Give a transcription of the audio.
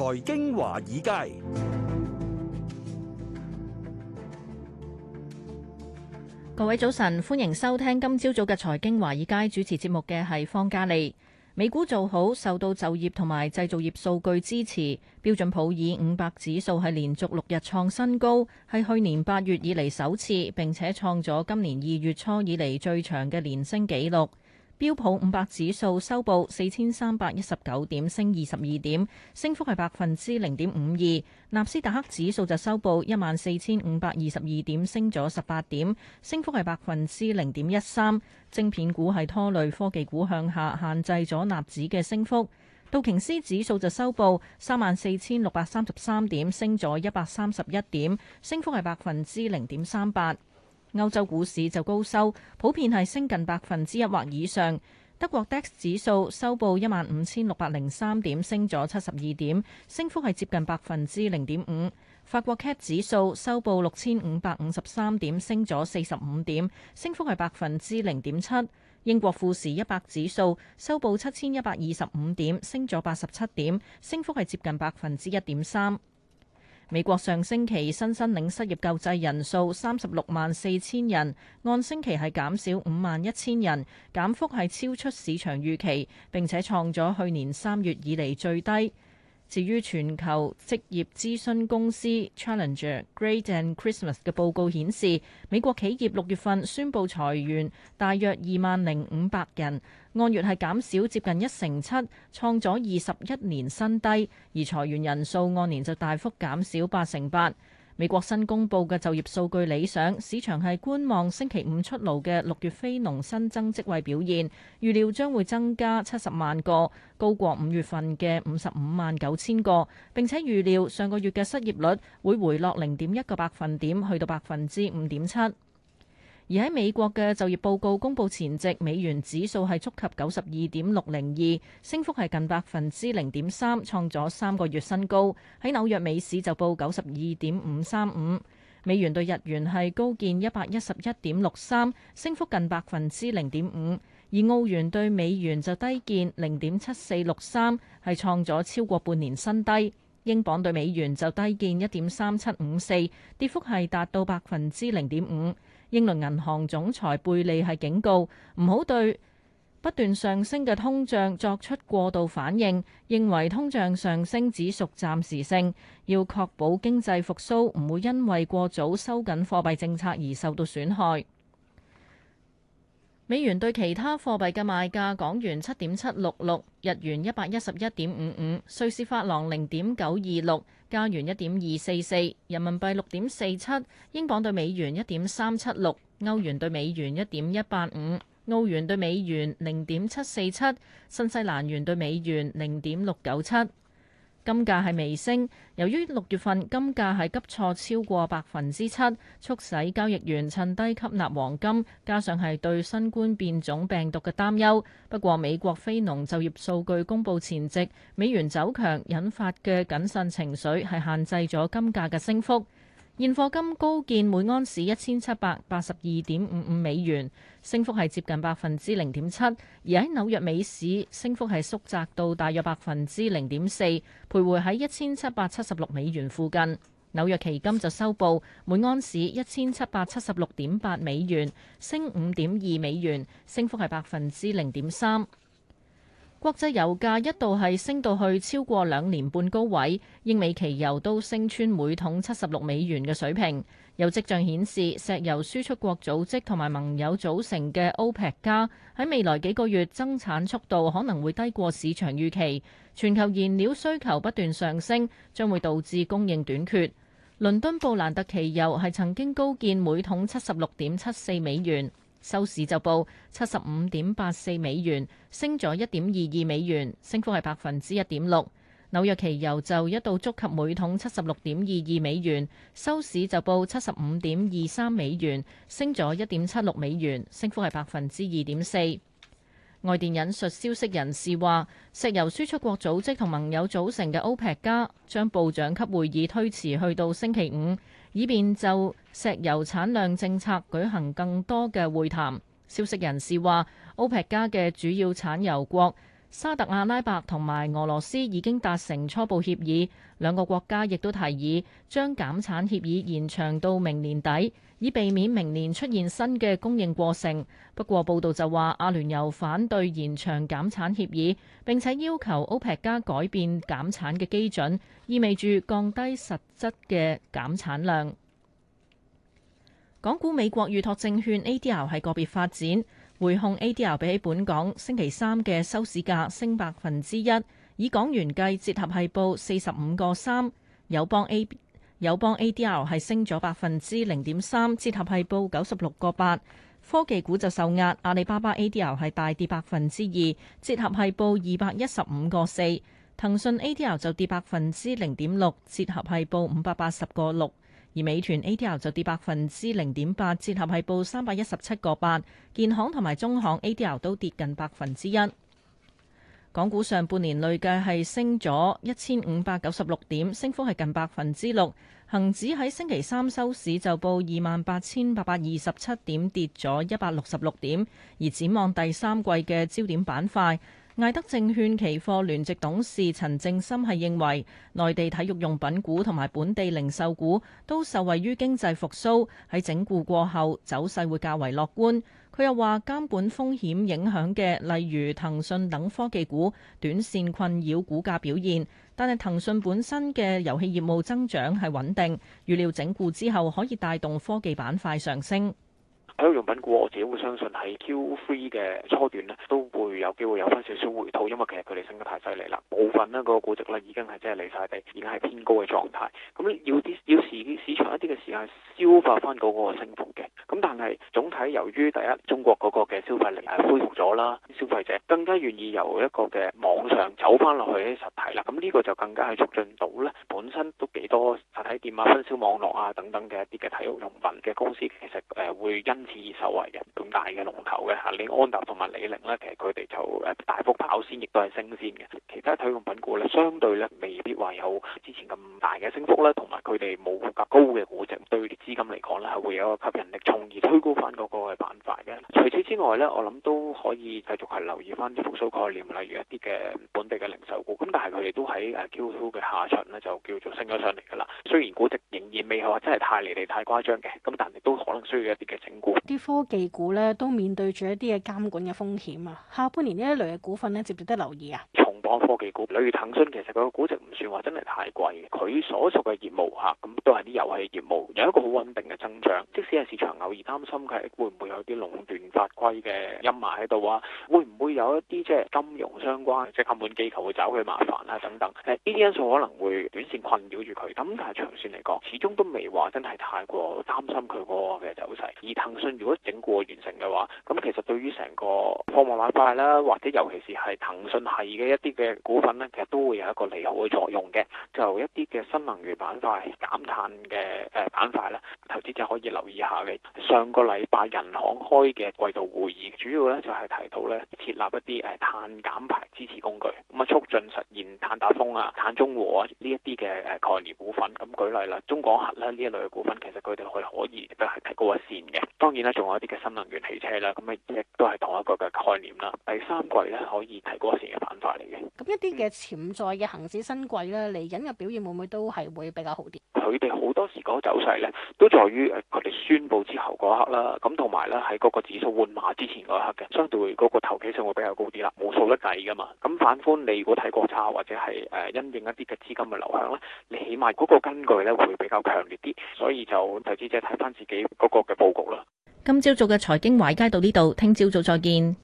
財經華爾街，各位早晨，歡迎收聽今朝早嘅財經華爾街，主持節目嘅係方嘉莉。美股做好，受到就業同埋製造業數據支持，標準普爾五百指數係連續六日創新高，係去年八月以嚟，首次，並且創咗今年二月初以嚟最長嘅連升紀錄。標普五百指數收報四千三百一十九點，升二十二點，升幅係百分之零點五二。納斯達克指數就收報一萬四千五百二十二點，升咗十八點，升幅係百分之零點一三。晶片股係拖累科技股向下，限制咗納指嘅升幅。道瓊斯指數就收報三萬四千六百三十三點，升咗一百三十一點，升幅係百分之零點三八。歐洲股市就高收，普遍係升近百分之一或以上。德國 DAX 指數收報一萬五千六百零三點，升咗七十二點，升幅係接近百分之零點五。法國 CAC 指數收報六千五百五十三點，升咗四十五點，升幅係百分之零點七。英國富時一百指數收報七千一百二十五點，升咗八十七點，升幅係接近百分之一點三。美國上星期新申領失業救濟人數三十六萬四千人，按星期係減少五萬一千人，減幅係超出市場預期，並且創咗去年三月以嚟最低。至於全球職業諮詢公司 Challenger, Gray & Christmas 嘅報告顯示，美國企業六月份宣佈裁員大約二萬零五百人，按月係減少接近一成七，創咗二十一年新低，而裁員人數按年就大幅減少八成八。美國新公佈嘅就業數據理想，市場係觀望星期五出爐嘅六月非農新增職位表現，預料將會增加七十萬個，高過五月份嘅五十五萬九千個，並且預料上個月嘅失業率會回落零點一個百分點，去到百分之五點七。而喺美國嘅就業報告公布前夕，美元指數係觸及九十二點六零二，升幅係近百分之零點三，創咗三個月新高。喺紐約美市就報九十二點五三五，美元對日元係高見一百一十一點六三，升幅近百分之零點五。而澳元對美元就低見零點七四六三，係創咗超過半年新低。英鎊對美元就低見一點三七五四，跌幅係達到百分之零點五。英倫銀行總裁貝利係警告，唔好對不斷上升嘅通脹作出過度反應，認為通脹上升只屬暫時性，要確保經濟復甦唔會因為過早收緊貨幣政策而受到損害。美元對其他貨幣嘅賣價：港元七點七六六，日元一百一十一點五五，瑞士法郎零點九二六，加元一點二四四，人民幣六點四七，英鎊對美元一點三七六，歐元對美元一點一八五，澳元對美元零點七四七，新西蘭元對美元零點六九七。金價係微升，由於六月份金價係急挫超過百分之七，促使交易員趁低吸納黃金，加上係對新冠變種病毒嘅擔憂。不過美國非農就業數據公布前夕，美元走強，引發嘅謹慎情緒係限制咗金價嘅升幅。現貨金高見每盎士一千七百八十二點五五美元，升幅係接近百分之零點七；而喺紐約美市，升幅係縮窄到大約百分之零點四，徘徊喺一千七百七十六美元附近。紐約期金就收報每盎士一千七百七十六點八美元，升五點二美元，升幅係百分之零點三。國際油價一度係升到去超過兩年半高位，英美期油都升穿每桶七十六美元嘅水平。有跡象顯示，石油輸出國組織同埋盟友組成嘅 OPEC 加喺未來幾個月增產速度可能會低過市場預期。全球燃料需求不斷上升，將會導致供應短缺。倫敦布蘭特期油係曾經高見每桶七十六點七四美元。收市就報七十五點八四美元，升咗一點二二美元，升幅係百分之一點六。紐約期油就一度觸及每桶七十六點二二美元，收市就報七十五點二三美元，升咗一點七六美元，升幅係百分之二點四。外電引述消息人士話，石油輸出國組織同盟友組成嘅歐佩克加將部長級會議推遲去到星期五，以便就石油產量政策舉行更多嘅會談，消息人士話 OPEC 加嘅主要產油國沙特阿拉伯同埋俄羅斯已經達成初步協議，兩個國家亦都提議將減產協議延長到明年底，以避免明年出現新嘅供應過剩。不過報道就話阿聯酋反對延長減產協議，并且要求 OPEC 加改變減產嘅基準，意味住降低實質嘅減產量。港股、美國預託證券 ADR 係個別發展，匯控 ADR 比起本港星期三嘅收市價升百分之一，以港元計，折合係報四十五個三。友邦 ADR 係升咗百分之零點三，折合係報九十六個八。科技股就受壓，阿里巴巴 ADR 係大跌百分之二，折合係報二百一十五個四。騰訊 ADR 就跌百分之零點六，折合係報五百八十個六。而美團 ADR 就跌百分之零點八，折合係報三百一十七個八。建行同埋中行 ADR 都跌近百分之一。港股上半年累計係升咗一千五百九十六點，升幅係近百分之六。恒指喺星期三收市就報二萬八千八百二十七點，跌咗一百六十六點。而展望第三季嘅焦點板塊。艾德證券期貨聯席董事陳正森係認為，內地體育用品股同埋本地零售股都受惠於經濟復蘇，喺整固過後走勢會較為樂觀，佢又話，監管風險影響嘅，例如騰訊等科技股，短線困擾股價表現，但係騰訊本身嘅遊戲業務增長係穩定，預料整固之後可以帶動科技板塊上升。體育用品股，我自己會相信喺 Q3 嘅初段咧，都會有機會有翻少少回吐，因為其實佢哋升得太犀利啦。部分咧個估值咧已經係即係離晒地，已經係偏高嘅狀態。咁、嗯、要啲要市市場一啲嘅時間消化翻嗰個升幅嘅。咁、嗯、但係總體由於第一中國嗰個嘅消費力係恢復咗啦，消費者更加願意由一個嘅網上走翻落去實體啦。咁、嗯、呢、這個就更加係促進到咧本身都幾多。實體店啊、分銷網絡啊等等嘅一啲嘅體育用品嘅公司，其實誒、呃、會因此而受惠嘅，咁大嘅龍頭嘅嚇，安踏同埋李寧呢，其實佢哋就誒大幅跑先，亦都係升先嘅。其他體育用品股咧，相對咧未必話有之前咁大嘅升幅啦。同埋佢哋冇咁高嘅估值，對啲資金嚟講咧係會有一個吸引力，從而推高翻嗰個板塊嘅。除此之外咧，我諗都可以繼續係留意翻啲復甦概念，例如一啲嘅本地嘅零售股，咁但係佢哋都喺誒 Q2 嘅下旬咧，就叫做升咗上嚟㗎啦。雖然估值仍然未係話真係太離地太誇張嘅，咁但亦都可能需要一啲嘅整固。啲科技股咧都面對住一啲嘅監管嘅風險啊！下半年呢一類嘅股份咧，值唔值得留意啊？科技股，例如騰訊，其實佢個估值唔算話真係太貴，佢所屬嘅業務吓，咁都係啲遊戲業務，有一個好穩定嘅增長，即使係市場偶爾擔心佢會唔會有啲壟斷法規嘅陰霾喺度啊，會唔會有一啲即係金融相關，即係監管機構會找佢麻煩啊等等？誒，呢啲因素可能會短綫困擾住佢。咁但係長綫嚟講始終都未話真係太過擔心佢個嘅走勢，而騰訊如果整固完成嘅話，咁其實對於成個科技板塊啦，或者尤其是，是係騰訊係嘅一啲。嘅股份咧，其實都會有一個利好嘅作用嘅，就一啲嘅新能源板塊、減碳嘅誒板塊咧。即係可以留意下嘅。上個禮拜人行開嘅季度會議，主要咧就係提到咧設立一啲誒碳減排支持工具，咁啊促進實現碳達峰啊、碳中和啊呢一啲嘅誒概念股份。咁舉例啦，中廣核啦呢一類嘅股份，其實佢哋係可以都係提高一線嘅。當然啦，仲有一啲嘅新能源汽車啦，咁啊亦都係同一個嘅概念啦。第三季咧可以提高一線嘅板塊嚟嘅。咁一啲嘅潛在嘅行市新季咧嚟緊嘅表現會唔會都係會比較好啲？佢哋好多時講走勢咧，都在於。佢哋宣佈之後嗰刻啦，咁同埋咧喺嗰個指數換馬之前嗰一刻嘅，相對嗰個投機性會比較高啲啦，冇數得計噶嘛。咁反觀你如果睇國差或者係誒因應一啲嘅資金嘅流向咧，你起碼嗰個根據咧會比較強烈啲，所以就投資者睇翻自己嗰個嘅報告啦。今朝早嘅財經華爾街到呢度，聽朝早再見。